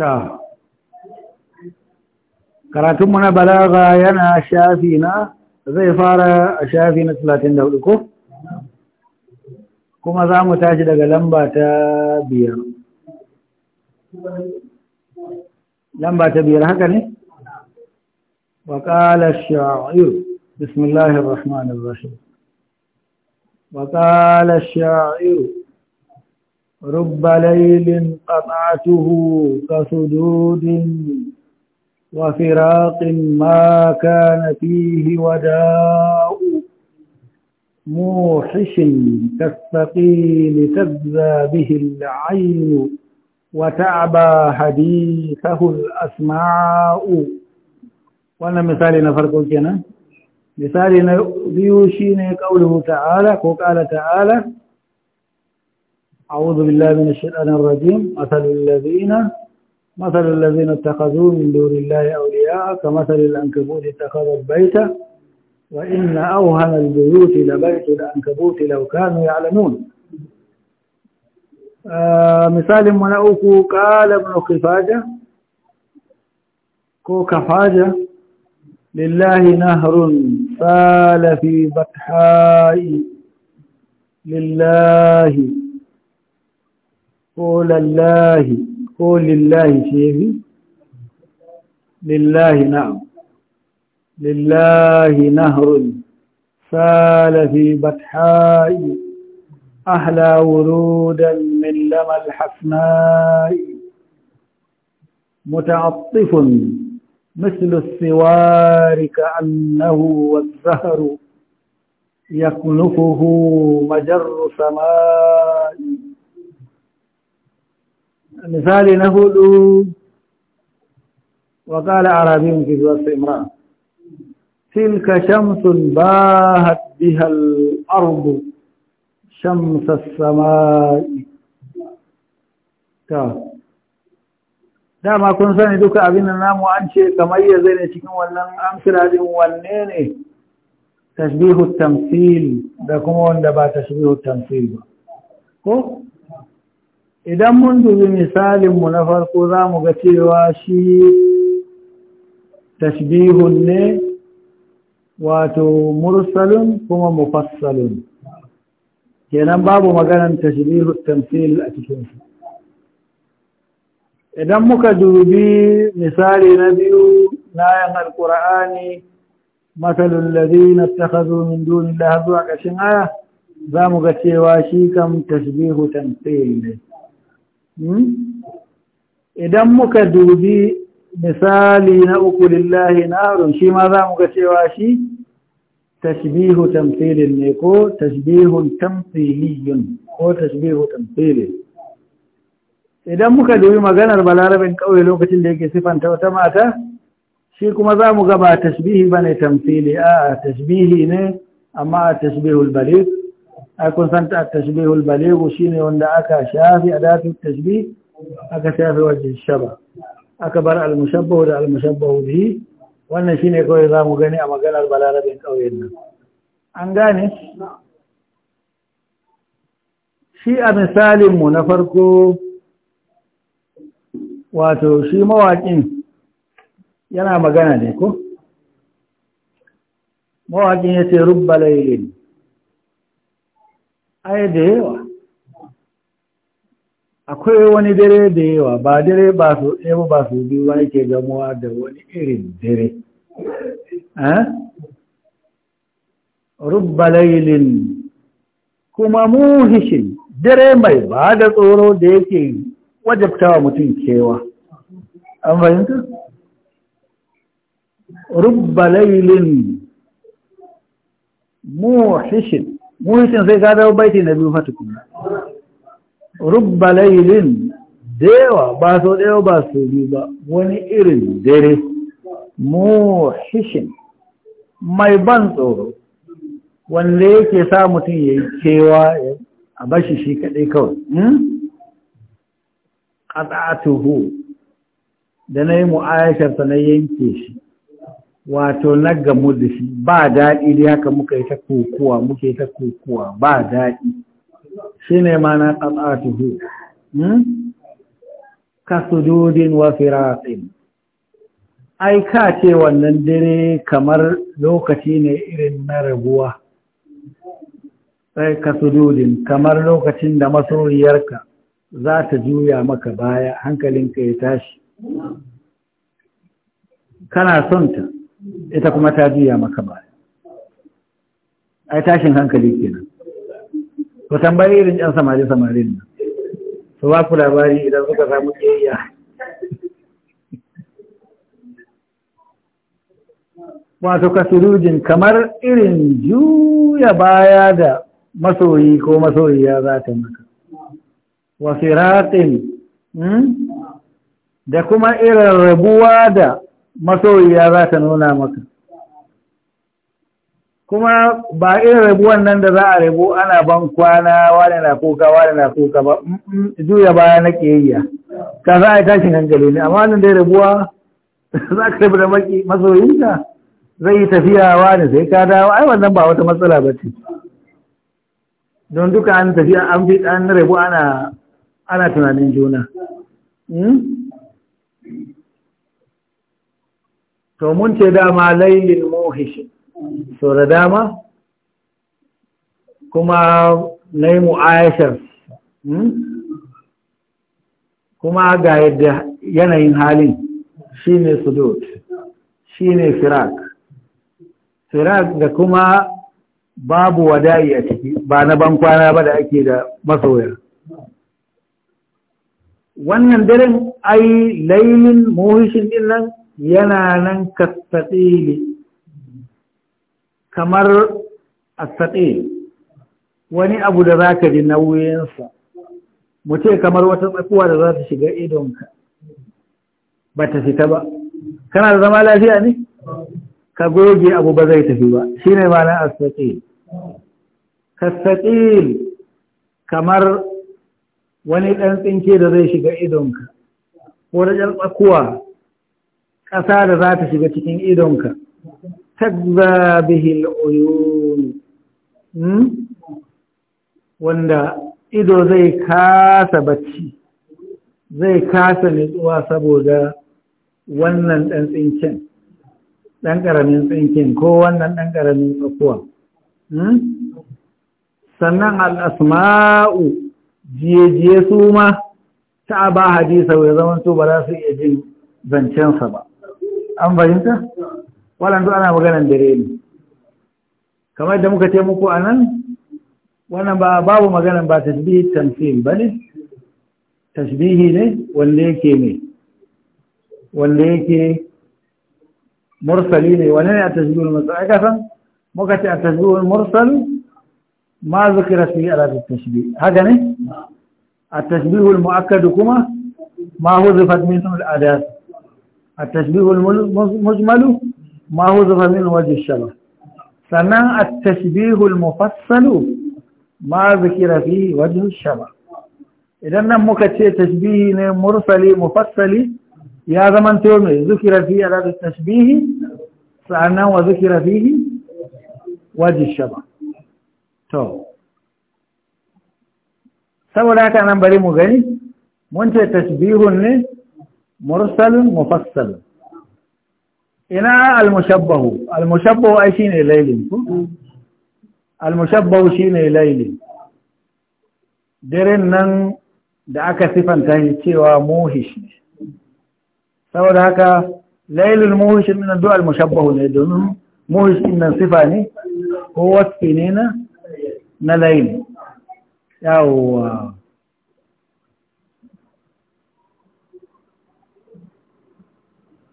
ta karatunmu na balaga yana shafi na zai fara a shafi na 34 ko kuma za mu tashi daga lamba ta biyar lamba ta biyar haka ne وقال الشاعر بسم الله الرحمن الرحيم وقال الشاعر رب ليل قطعته كسدود وفراق ما كان فيه وداء موحش كالثقيل تبذى به العين وتعبى حديثه الأسماء وانا مثالي فرقوا كنا مثالي بيوشيني قوله تعالى وقال تعالى أعوذ بالله من الشيطان الرجيم مثل الذين مثل الذين اتخذوا من دون الله أولياء كمثل الأنكبوت اتخذت بيتا وإن أوهن البيوت لبيت الأنكبوت لو كانوا يعلمون آه مثال من أوكو قال ابن قفاجة كو كفاجة لله نهر سال في بطحاء لله قول الله قول لله شيخي لله نعم لله نهر سال في بطحاء أحلى ورودا من لمى الحسناء متعطف مثل السوار كأنه والزهر يكنفه مجر سماء misali na hudu wa arabin arabiyun fi wasfi imran tilka shamsun bahat biha al-ardu shams ta dama kun sani duka abin da namu an ce kamar ya zai ne cikin wannan amsira din wanne ne tashbihu tamthil da kuma wanda ba tashbihu tamsil ba ko idan mun dubi misalinmu na farko za mu ga cewa shi tashbihun ne wato mursalin kuma mufassalin kenan babu maganan tashbihun tamsil a cikinsu idan muka dubi misali na biyu na yan alkur'ani matsalin lalina ta hazo min duni da hazo a ƙashin za mu ga cewa shi kam tashbihu tamsil ne Hmm? idan muka dubi misali na uku lillahi narun shi ma za mu ga cewa shi tasbihu tamthilin ne ko tashbihun tamthiliyun ko tashbihu tamthilin idan muka dubi maganar balarabin kawai lokacin da yake sifanta wata mata shi kuma za mu tasbihi ba ne bane a tasbihi ne amma a tashbihul baligh akun kun san tashbihul baligu shine wanda aka shafi adatu tashbih aka shafi wajen shaba aka bar al-mushabbahu da al-mushabbahu bihi wannan shine kawai za mu gani a maganar balarabin ƙauyen nan an gane shi a misalinmu na farko wato shi mawaƙin yana magana ne ko mawaƙin ya ce rubba ai da yawa akwai wani dare da yawa ba dare ba su ɗaya ba su biyu ba yake gamuwa da wani irin dare eh? rubba lailin kuma muhishin dare mai ba da tsoro da yake wajabtawa mutum kewa an fahimta? rubba lailin muhishin muhitin sai ka baiti na biyu fatukun rubba lailin dewa ba so ɗaya ba so biyu ba wani irin dare muhishin mai ban tsoro wanda yake sa mutum ya yi kewa a bashi shi kaɗai kawai hmm? tuhu. da na yi mu'ayasharsa na yanke shi wato na gamu da shi ba daɗi da haka muka yi ta kokowa muka ta kokowa ba daɗi shi ne ma na ƙasatuhu hmm? kasududin wa firafin ai ka ce wannan dare kamar lokaci ne irin na rabuwa sai kasududin kamar lokacin da masoriyarka za ta juya maka baya hankalinka ya tashi kana son ta ita kuma ta juya maka ba ai tashin hankali kenan to tambayi irin yan samari samari ne. to ba ku labari idan suka samu kiyayya wato kasirujin kamar irin juya baya da masoyi ko masoyiya za ta maka wasiratin hmm? da kuma irin rabuwa da masoyiya za ta nuna maka kuma ba irin rabuwan nan da za a rabu ana ban kwana wani na kuka wani na kuka ba juya baya na ƙiyayya ka za a yi tashin hankali ne amma wannan dai rabuwa za ka rabu da masoyinka zai yi tafiya wani sai ka dawo ai wannan ba wata matsala ba ce don duka an tafiya an fi an rabu ana tunanin juna hmm? to mun ce dama lailin muhishin, so da dama kuma na yi mu'ayashar hmm? kuma ga yadda yanayin halin shi ne sudut shi ne firak firak da kuma babu wada'i a ciki ba na bankwana ba da ake da masoya wannan daren ai lailin muhishin din nan yana nan kastaɗe kamar a wani abu da za ka ji nauyinsa mu ce kamar wata tsakuwa da za ta shiga idonka ba ta fita ba kana da zama lafiya ne ka goge abu ba zai tafi ba shi ne ma'ana astaƙil kastaƙil kamar wani ɗan tsinke da zai shiga idonka ko ɗan tsakuwa ƙasa da za ta shiga cikin idonka tagza bihil uyun hmm? wanda ido zai kasa bacci zai kasa nutsuwa saboda wannan ɗan tsinken ɗan ƙaramin tsinken ko wannan ɗan ƙaramin tsakuwa hmm? sannan al'asma'u jiye-jiye su ma ta ba hadisa wai zamanto ba za su iya jin zancensa ba an fahimta wannan duk ana maganan dare ne kamar da muka ce muku a nan wannan ba babu maganan ba tasbihi tamfil ba ne tasbihi ne wanda yake ne wanda yake mursali ne wani ne a tasbihul mursal ai san muka ce a tasbihul mursal ma zikira fi ala tasbihi. haka ne a tasbihul muakkad kuma ma huzifa min al adat التشبيه المجمل ما هو من وجه الشبه سنن التشبيه المفصل ما ذكر فيه وجه الشبه idan nan muka ce tashbihi ne mursali mufassali ya zama to ne zikira fi ala tashbihi sa'anan wa zikira fihi waji shaba saboda haka nan bari mu gani mun ce tashbihun ne mursalin mufassal, ina almushabbahu almushabbahu ai shine lailin ku hmm. almushabbahu shine lailin daren nan da aka sifanta shi cewa muhish saboda haka lailul muhish nan duk almushabbahu ne domin muhish nan sifa ne ko wasfi na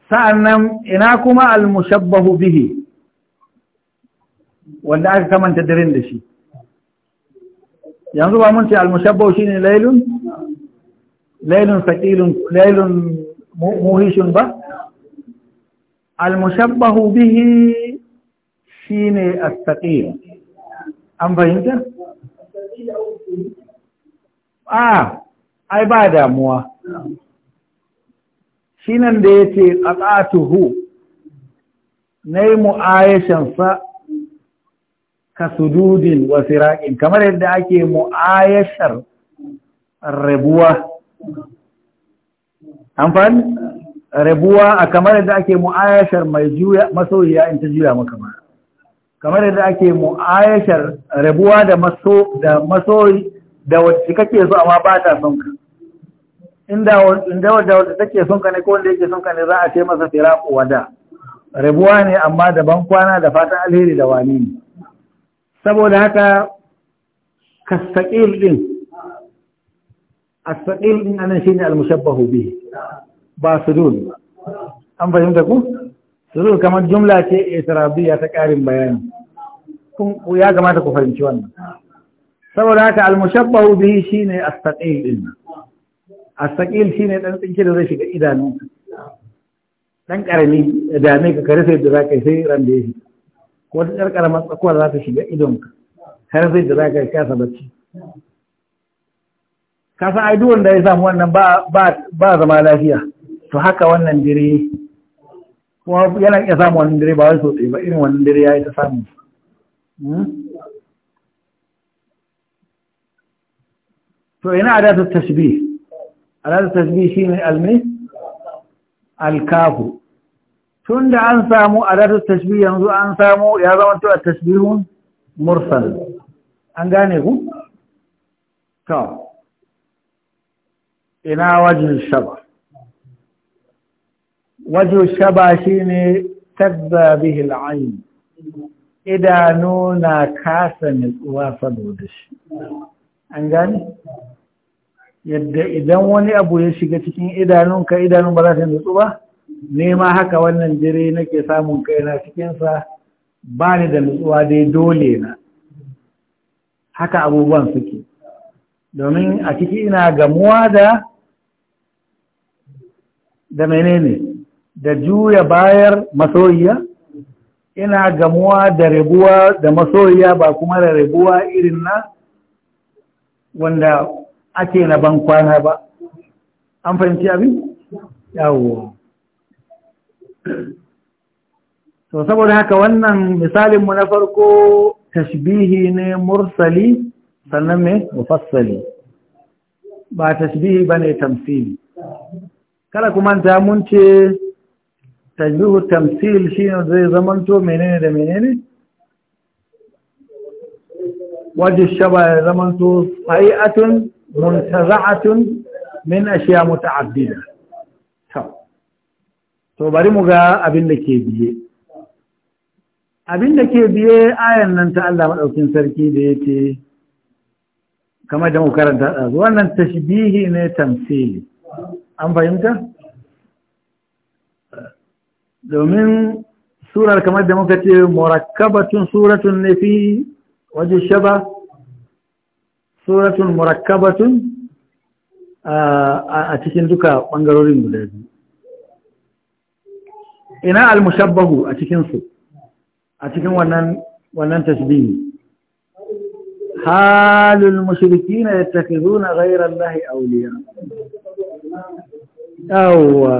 sa'annan ina kuma al-mushabbahu bihi wanda aka kamanta daren da shi yanzu ba mun ce al-mushabbahu ne laylun laylun saqilun laylun muhishun ba al-mushabbahu bihi shi ne saqil an fahimta a ah, ai ba damuwa shi nan da ya ce ƙaƙatuhu na yi mu'ayashansa ka sududin wasu raƙin kamar yadda ake mu'ayashar rabuwa amfani rabuwa a kamar yadda ake mu'ayashar mai juya masoyiya in ta juya maka ma kamar yadda ake mu'ayashar rabuwa da maso da masoyi da wacce kake so amma ba ta son ka inda wadda take son ka ne ko wanda yake son ka ne za a ce masa firaku wada rabuwa ne amma da ban kwana da fatan alheri da wani ne saboda haka kastaƙil ɗin astaƙil din anan shine almushabbahu bi ba sudul an fahimta ku sudul kamar jumla ce itirabiya ta ƙarin bayani kun ya kamata ku fahimci wannan saboda haka almushabbahu bi shine astaƙil ɗin asakil ne dan tsinke da zai shiga idanu dan karami da dame ka kare sai da zaka yi sai ran da shiga, ko da yar karamar tsakuwa za ta shiga idon ka har sai da zaka yi kasa bacci ka san ai duwan da ya samu wannan ba ba ba zama lafiya to haka wannan dire kuma yana iya samu wannan dire ba wai so ba irin wannan dire yayi ta samu hmm? to ina da tasbih الالف التشبيه شيء من الم الكاف تند ان سامو الالف التشبيه ينزو يعني ان سامو يا زمان تو التشبيه مرسل ان غاني هو تو الى وجه الشبه وجه الشبه شيء تبدا به العين اذا نونا كاسن واصدودش ان غاني yadda idan wani abu ya shiga cikin idanunka idanun ba za ta nutsu ba nema haka wannan jire nake samun kaina cikinsa ba ni da nutsuwa dai dole na haka abubuwan suke domin a ciki ina gamuwa da da menene da juya bayar masoyiya ina gamuwa da rabuwa da masoyiya ba kuma da rabuwa irin na wanda ake na ban kwana ba an fahimci abin yawo to saboda haka wannan misalin mu na farko tashbihi ne mursali sannan me mufassali ba tashbihi ba ne tamsili Kala kuma ta mun ce tashbihu tamsil shi ne zai zamanto menene da menene wajen shaba ya zamanto hai'atun tun, min ashiya muta'addida to bari mu ga abin da ke biye abin da ke biye ayan nan ta Allah madaukin sarki da yake kamar da mu karanta wannan tashbihi ne tamsili an fahimta domin surar kamar da muka ce murakkabatun suratun ne fi waje shaba suratun murakkabatun a cikin duka ɓangarorin guda biyu ina al-mushabbahu a cikinsu a cikin wannan wannan tashbihi halul mushrikina yattakhizuna ghayra allahi awliya yawwa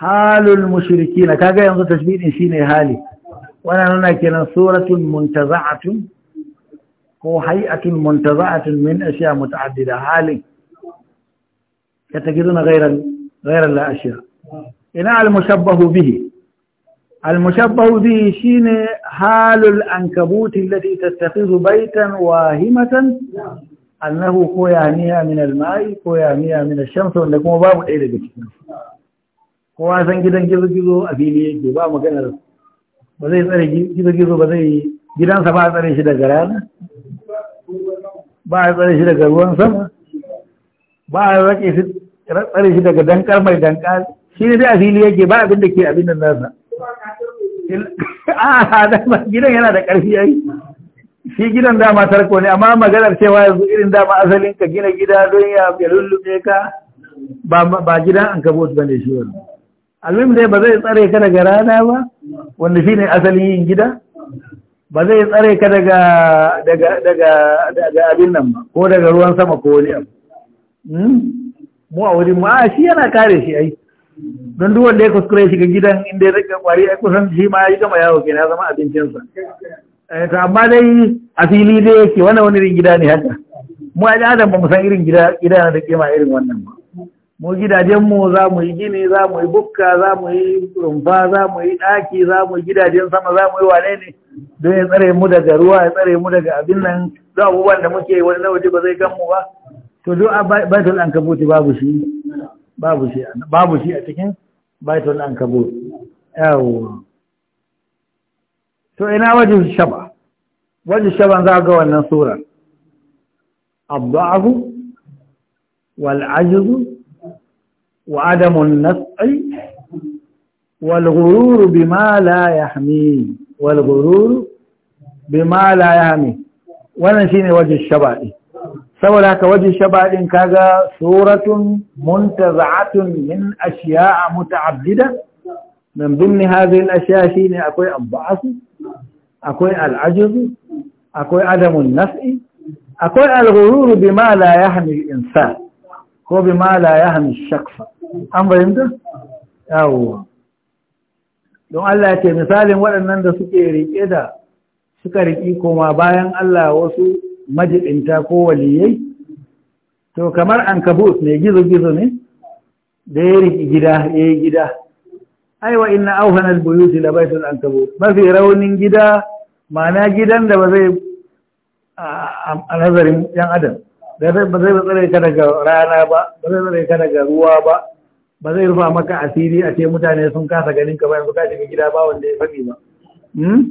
halul mushrikina kaga yanzu tasbihin shi ne hali wannan nuna kenan suratun muntaza'atun ko hay'atin muntaza'atin min ashiya muta'addida halin yatajiduna ghayran ghayran la ashiya ina al-mushabbahu bihi al-mushabbahu bihi shine halul ankabut allati tattakhidhu baytan wahimatan annahu ko yaniya min al-ma'i ko yaniya min ash-shams wanda kuma babu ɗaya daga cikin kowa san gidan gizo-gizo a fili yake ba maganar ba zai tsare gizo-gizo ba zai gidansa ba tsare shi daga rana ba a tsare shi daga ruwan sama ba a rake shi tsare shi daga dankar mai dankar shi ne dai a fili yake ba abin da ke abin ah, da nasa a gidan yana da ƙarfi yayi shi gidan dama tarko ne amma maganar cewa yanzu irin dama asalin ka gina gida don ya lullube ka ba gidan an kabo ba ne shi wani alwim dai ba zai tsare ka daga rana ba wanda shi ne asalin yin gida ba zai tsare ka daga abin nan ba ko daga ruwan sama ko wani abu hmm? mu a wurin ma shi yana kare shi ai don duk wanda ya kuskure shiga gidan inda ya rika kwari ai kusan shi ma ya gama yawo kenan zama abincinsa eh, ta amma dai a fili dai yake wannan wani irin gida ne haka mu a adam ba mu san irin gida gida na da kima irin wannan ba mu gidajenmu za mu yi gini za mu yi bukka za mu yi rumfa za mu yi ɗaki za mu yi gidajen sama za mu yi wane ne don ya tsare mu daga ruwa ya tsare mu daga abin nan duk abubuwan da muke wani na waje ba zai gan mu ba to duk a baitul an kabuti babu shi babu shi babu shi a cikin baitul an kabuti yawo to ina waje shaba waje shaban za ga wannan sura abdu'ahu wal ajzu وعدم النفع والغرور بما لا يحميه والغرور بما لا يحميه wannan shine waje shaba'i saboda haka waje shaba'in kaga suratun muntaza'atun min ashiya'a muta'addida min dhimni hadhihi al-ashiya' shine akwai abba'as akwai al-ajz akwai adamun naf'i akwai al-ghurur bima la yahmi al-insan ko bi ma la ya hami shakfa an fahimta yawo don Allah ce misalin waɗannan da suke riƙe da suka riƙi koma bayan Allah wasu majibinta ko waliyai to kamar an kabus ne gizo-gizo ne da ya riƙi gida ya yi gida aiwa ina auhanar buyuti da baitul an kabus mafi raunin gida ma'ana gidan da ba zai a nazarin yan adam da zai ba zai tsare ka daga rana ba ba zai tsare ka daga ruwa ba ba zai rufa maka asiri a ce mutane sun kasa ganin ka ba yanzu ka shiga gida ba wanda ya faɗi ba hmm?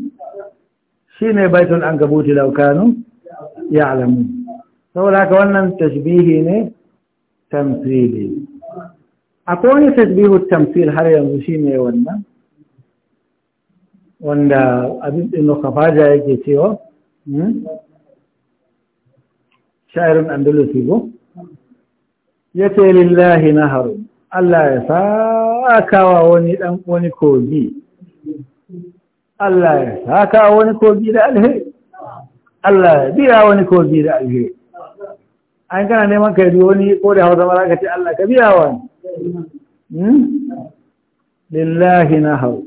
shi ne baitul an kabuti laukanu ya alamu saboda haka wannan tashbihi ne tamsili akwai wani tashbihu tamsil har yanzu shi ne wannan wanda abin ɗin nukafaja yake cewa hmm? sha'irin andalusi ko ya ce lillahi haru, Allah ya sakawa wani dan wani kogi Allah ya saka wani kogi da alhe, Allah ya biya wani kogi da alhe, an kana neman ka yi wani ko da hausa mara ka ce Allah ka biya wani lillahi haru,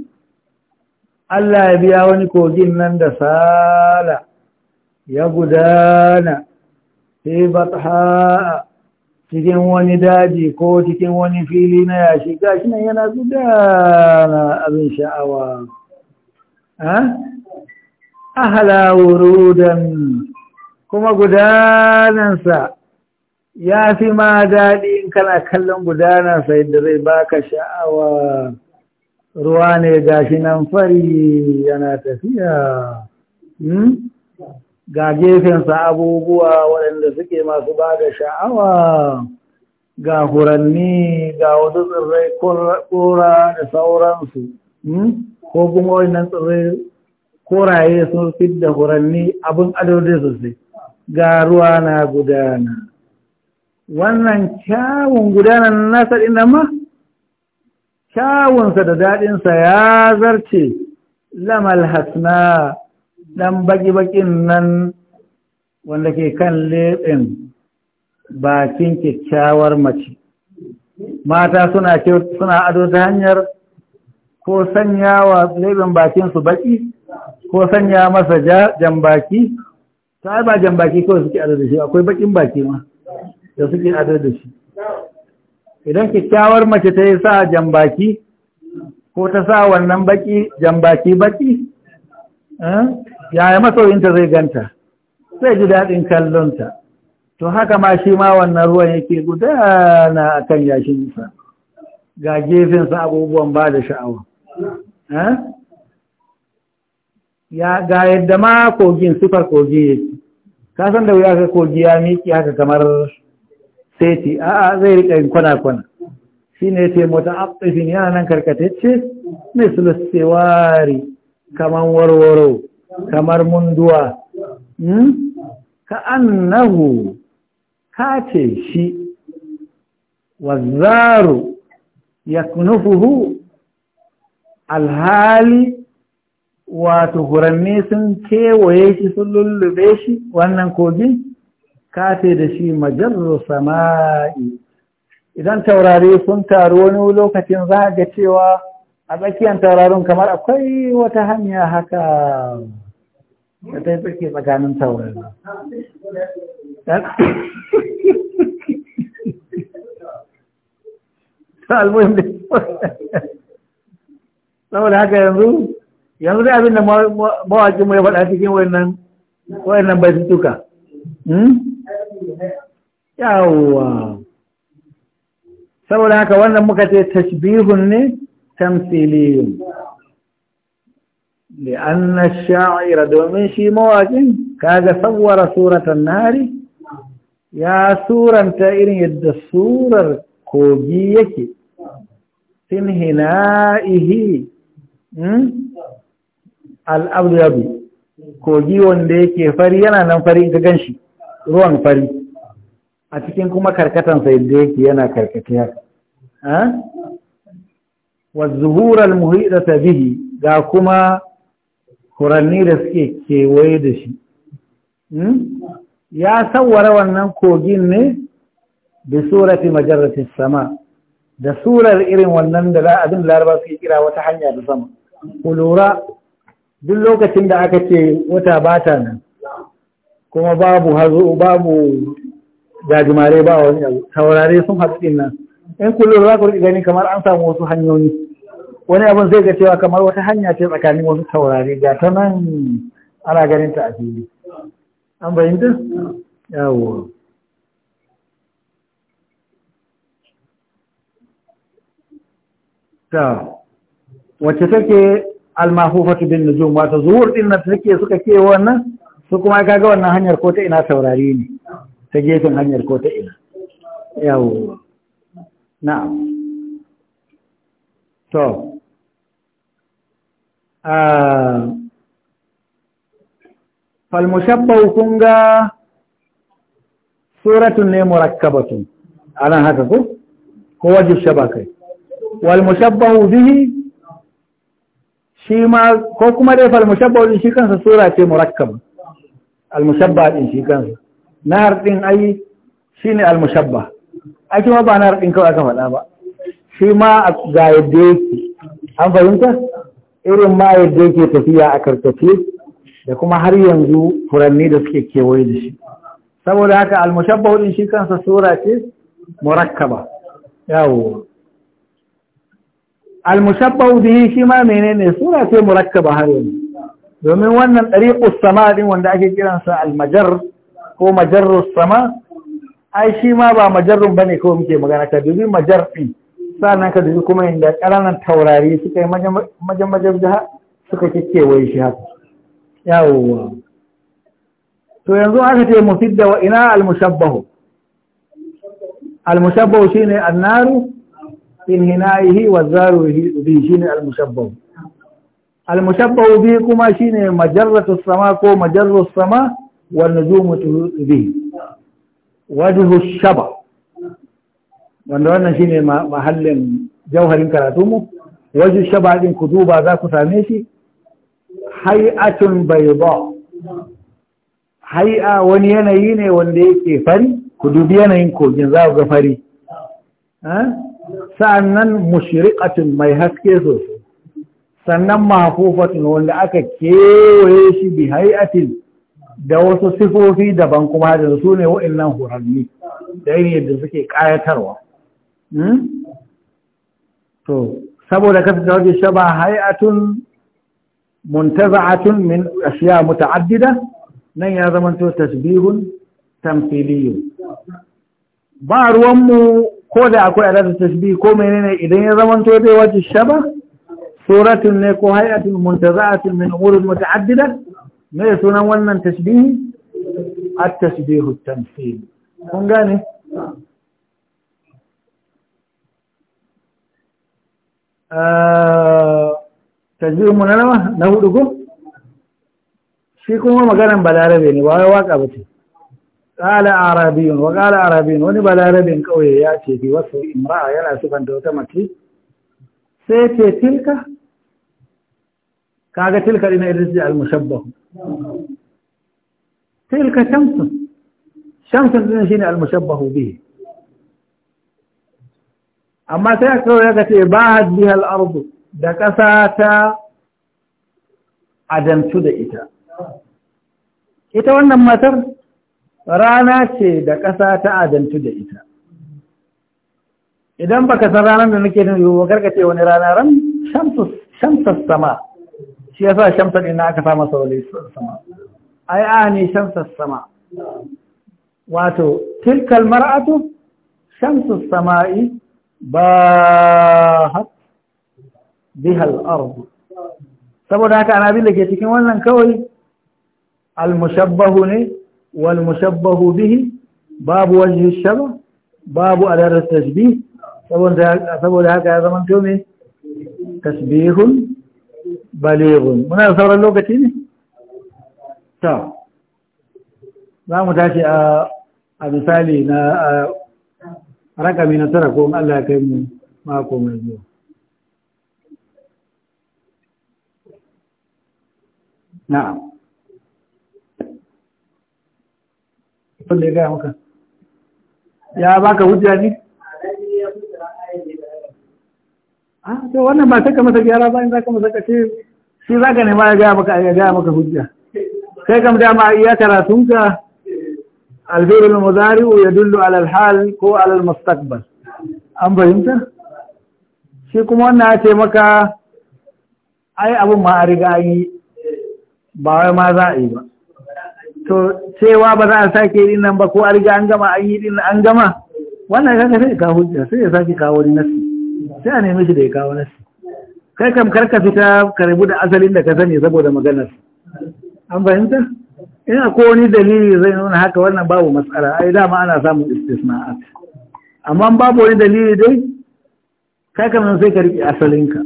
Allah ya biya wani kogin nan da sala ya gudana fi batha cikin wani daji ko cikin wani fili na yashi gashi nan yana gudana abin sha'awa ahala wurudan kuma gudanansa ya fi ma daɗi in kana kallon gudanansa yadda zai baka sha'awa ruwa ne gashi nan fari yana tafiya hmm? ga gefensa abubuwa waɗanda suke masu ba da sha'awa ga furanni ga wasu tsirrai kora da sauransu hmm? ko kuma wannan tsirrai koraye sun da furanni abin adodai sosai ga ruwa na gudana wannan kyawun gudanar nasa ɗin ma kyawunsa da daɗinsa ya zarce lamal hasna ɗan baƙi-baƙin nan wanda ke kan leɓin bakin kyakkyawar mace mata suna ado ta hanyar ko sanya wa leɓin su baƙi ko sanya masa jan baki, ta ba baki kawai suke ado da shi akwai baƙin baki ma da suke ado da shi idan kyakkyawar mace ta yi sa jan baki ko ta sa wannan baƙi baki baƙi eh, yaya masoyinta zai ganta zai ji daɗin kallonta to haka ma shi ma wannan ruwan yake gudana a kan yashinsa ga gefensa abubuwan ba da sha'awa ya ga yadda ma kogin sifar kogi yake kasan da wuya ka kogi ya miki haka kamar seti a zai riƙa yin kwana-kwana shi ne ce mota abin yana nan karkatacce mai sulustewari kamar warwaro kamar munduwa hmm? ka annahu ka ce shi wazzaru ya kunufuhu alhali wato huranni sun kewaye shi sun lullube shi wannan kogin? ka ce da shi majarru sama'i idan taurari sun taru wani lokacin za ga cewa a tsakiyar taurarin kamar akwai wata hanya haka da ta yi tsaki tsakanin ta almuhim da saboda haka yanzu yanzu da abin da mawakin mai ya faɗa cikin wannan wannan bai tuka hmm? yawwa saboda haka wannan muka ce tashbihun ne tamthiliyun لأن الشاعر دومين شي مواجن كاغا صور سورة النار يا سورة تائرين يد السورة كوجيك تنهنائه الأبيض kogi wanda yake fari yana nan fari ka ganshi ruwan fari a cikin kuma karkatansa yadda yake yana karkatiya والزهور المهيئة به ga kuma furanni da suke kewaye da shi hmm? ya sawwara wannan kogin ne da surati majarratis sama da surar irin wannan da abin laraba suke kira wata hanya da sama ku lura duk lokacin da aka ce wata bata nan kuma babu hazo babu gajimare ba wani saurare sun haɗu nan in kullum za ku riƙe gani kamar an samu wasu hanyoyi wani abin zai ga cewa kamar wata hanya ce tsakanin wasu taurari ga ta nan ana ganin ta a fili an bayyanta yawo ta wacce take almahufatu bin nujum Wata zuhur din nan take suka ke wannan su kuma kaga wannan hanyar ko ta ina taurari ne ta gefen hanyar ko ta ina yawo na'am to falmushabbau kun kunga suratun ne murakkabatun a nan haka ko ko wajib shabakai walmushabbau bihi shi ma ko kuma dai falmushabbau din shi kansa sura ce murakkaba almushabba din shi kansa nahar din ai shine almushabba ake ma ba na raɗin kawai aka faɗa ba shi ma ga yadda yake an fahimta irin ma yadda yake tafiya a karkace da kuma har yanzu furanni da suke kewaye da shi saboda haka almushabba din shi kansa sura ce murakkaba yawo Almushabba bihi shi ma menene sura ce murakkaba har yanzu domin wannan dariqus sama ɗin wanda ake kiransa almajar ko Majar sama ai shi ma ba majarrun bane kawai muke magana ka dubi majar din sannan ka dubi kuma inda ƙananan taurari suka yi majamajar da suka kekewaye shi haka Yawo. to yanzu aka ce fidda wa ina al mushabbahu shine annaru in hinaihi wa zaru bi shine al mushabbahu bi kuma shine majarratu sama ko majarru sama wal nujumu bi Wajihu shaba wanda wannan shine mahallin jauharin karatu mu Wajihu shaba din ku duba za ku same shi hay'atun bayda hay'a wani yanayi ne wanda yake fari ku dubi yanayin kogin za ku ga fari sa'annan mushriqatun mai haske sosai sannan mahfufatun wanda aka kewaye shi bi hay'atin da wasu sifofi daban kuma da su ne wa'annan horanni da yin yadda suke ƙayatarwa hmm? to saboda kasa ta wajen shaba hayatun muntaza'atun min ashiya muta'addida nan ya zamanto tasbihun tamthiliyun ba ruwanmu ko da akwai adadin tasbih ko menene idan ya zamanto dai wajen shaba suratun ne ko hayatun muntaza'atun min umurin muta'addida me sunan wannan tasbihi at-tasbihu at-tamthil kun gane ah, tasbihin mu na nawa na hudu ko shi kuma maganan balarabe ne ba wai waka ba ce qala arabiyun wa qala arabiyun wani balarabin kauye ya ce bi wasu imra'a yana sifanta wata mace sai ce tilka kaga tilka ina irisi al-mushabbah tilka shamsun shamsun din shine al-mushabbah bihi amma sai aka yi ga ce ba biha al ard da ƙasa ta adantu da ita ita wannan matar rana ce da ƙasa ta adantu da ita idan baka san ranar da nake nuna yiwuwa karkace wani rana ran shamsus sama shi yasa shamsa din aka sa masa wali sama ai ani shamsa sama wato tilkal mar'atu shamsu sama'i bahat biha al-ard saboda haka anabin da ke cikin wannan kawai al-mushabbahu ne wal mushabbahu bihi babu wajhi shaba babu adar tasbih saboda haka ya zama to ne tasbihun balighun muna da sauran lokaci ne ta za mu tashi a misali na rakami na tara ko Allah ya kai mu mako mai zuwa na'am ya gaya maka ya baka hujja ne a ah, to wannan ba sai ka masa gyara ba in za ka masa ka shi za ka nema ya gaya maka ya gaya maka hujja kai kam dama iya karatunka alfi'il ya yadullu alal alhal ko alal almustaqbal an fahimta shi kuma wannan ya ce maka ai abin ma a riga yi ba wai ma za a yi ba to cewa ba za a sake yi nan ba ko a riga an gama an yi din an gama wannan kaka sai ka hujja sai ya sake kawo nasi sai a nemi shi da ya kawo nasi kai kam karka fita ka da asalin da ka sani saboda maganar an fahimta in akwai wani dalili zai nuna haka wannan babu matsala ai dama ana samun istisna'at amma babu wani dalili dai kai kam sai ka riƙe asalinka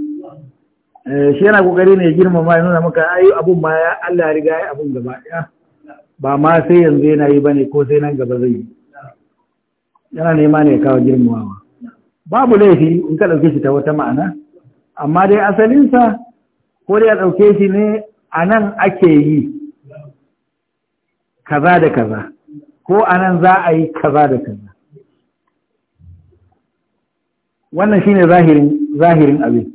eh, shi yana kokari ne girmama ya nuna maka ai abun ma ya Allah riga ya abun gaba ɗaya ba ma sai yanzu yana yi bane ko sai nan gaba zai yi yana nema ne ya kawo girmamawa babu laifi in ka ɗauke shi ta wata ma'ana amma dai asalinsa ko dai a ɗauke shi ne a nan ake yi kaza da kaza ko a nan za a yi kaza da kaza wannan shi zahirin zahirin abin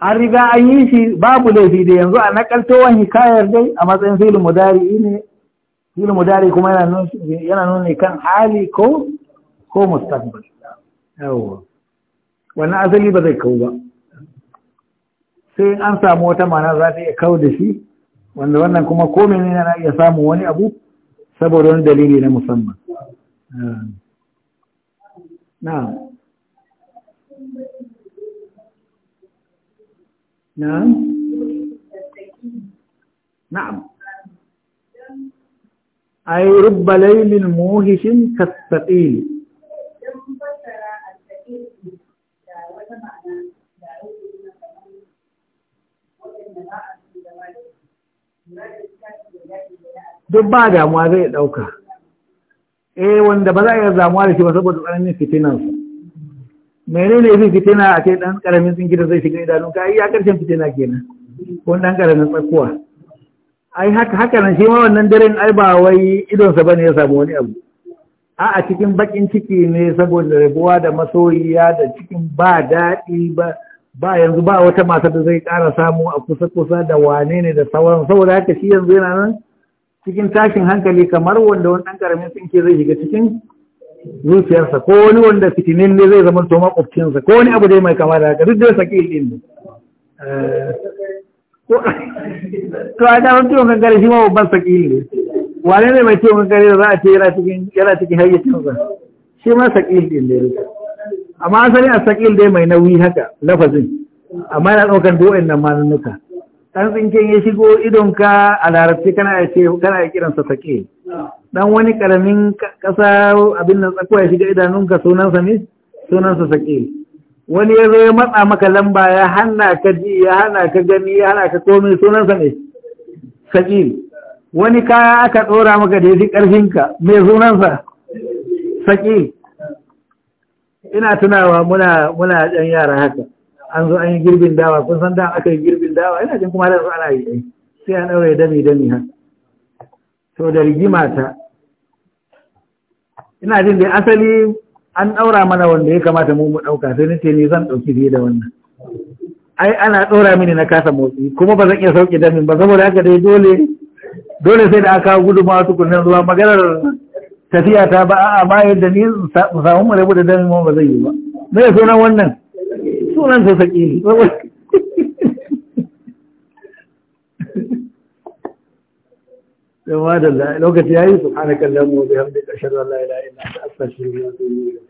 an riga an yi shi babu laifi da yanzu a nakaltowar hikayar dai a matsayin filin mudari ne filin mudari kuma yana nuni kan hali ko ko mustaqbal yawon wannan asali ba zai kawo ba sai in an samu wata mana za ta iya kawo da shi wanda wannan kuma komai ne na iya samu wani abu saboda wani dalili na musamman na na na ay rubba laylin muhishin kastaqil duk ba damuwa zai ɗauka eh wanda ba za a iya damuwa da shi ba saboda tsananin mene menene zai fitina a ce ɗan ƙaramin tsinki da zai shiga idanun ka ya ƙarshen fitina kenan ko ɗan ƙaramin tsakuwa ai haka haka nan shi ma wannan daren ai ba wai idon sa bane ya samu wani abu a a cikin bakin ciki ne saboda rabuwa da masoyiya da cikin ba daɗi ba ba yanzu ba wata mata da zai ƙara samu a kusa kusa da wane ne da sauran saboda haka shi yanzu yana nan cikin tashin hankali kamar wanda wani ɗan ƙaramin tsinke zai shiga cikin zuciyarsa ko wani wanda fitinin ne zai zama toma ƙofcinsa ko wani abu dai mai kama da haka duk dai saƙi ɗin ne. Eh, to a damar ciwon kankare shi ma babban saƙi ne. Wane ne mai ciwon kankare da za a ce yana cikin hayyacinsa? Shi ma saƙi ɗin ne. Amma asali a saƙi dai mai nauyi haka lafazin. Amma yana ɗaukar duwa'in nan manunuka. Ɗan tsinken ya shigo idonka a larabci kana ce kana kiransa sake dan wani karamin ƙasa abin nan tsakuwa ya shiga idanunka sunansa ne sunansa sake wani ya zo ya matsa maka lamba ya hana ka ji ya hana ka gani ya hana ka komai sunansa ne sake wani kaya aka ɗora maka da ya fi ka mai sunansa sake ina tunawa muna muna ɗan yara haka an zo an yi girbin dawa kun san da aka yi girbin dawa ina jin kuma da su ana yi sai an ɗaure dami dami ha to da rigima ta ina jin da asali an ɗaura mana wanda ya kamata mu mu ɗauka sai ce ni zan ɗauki fiye da wannan ai ana ɗora mini na kasa motsi kuma ba zan iya sauke damin ba saboda haka dai dole dole sai da aka gudunmawa tukunan ruwa maganar tafiya ta ba a'a ba yadda ni samu mu rabu da damin ba zai yi ba me sunan wannan sunan sa saki ne da ma da lokaci yayi subhanakallahumma wa bihamdika ashhadu an la ilaha illa anta astaghfiruka wa atubu ilayk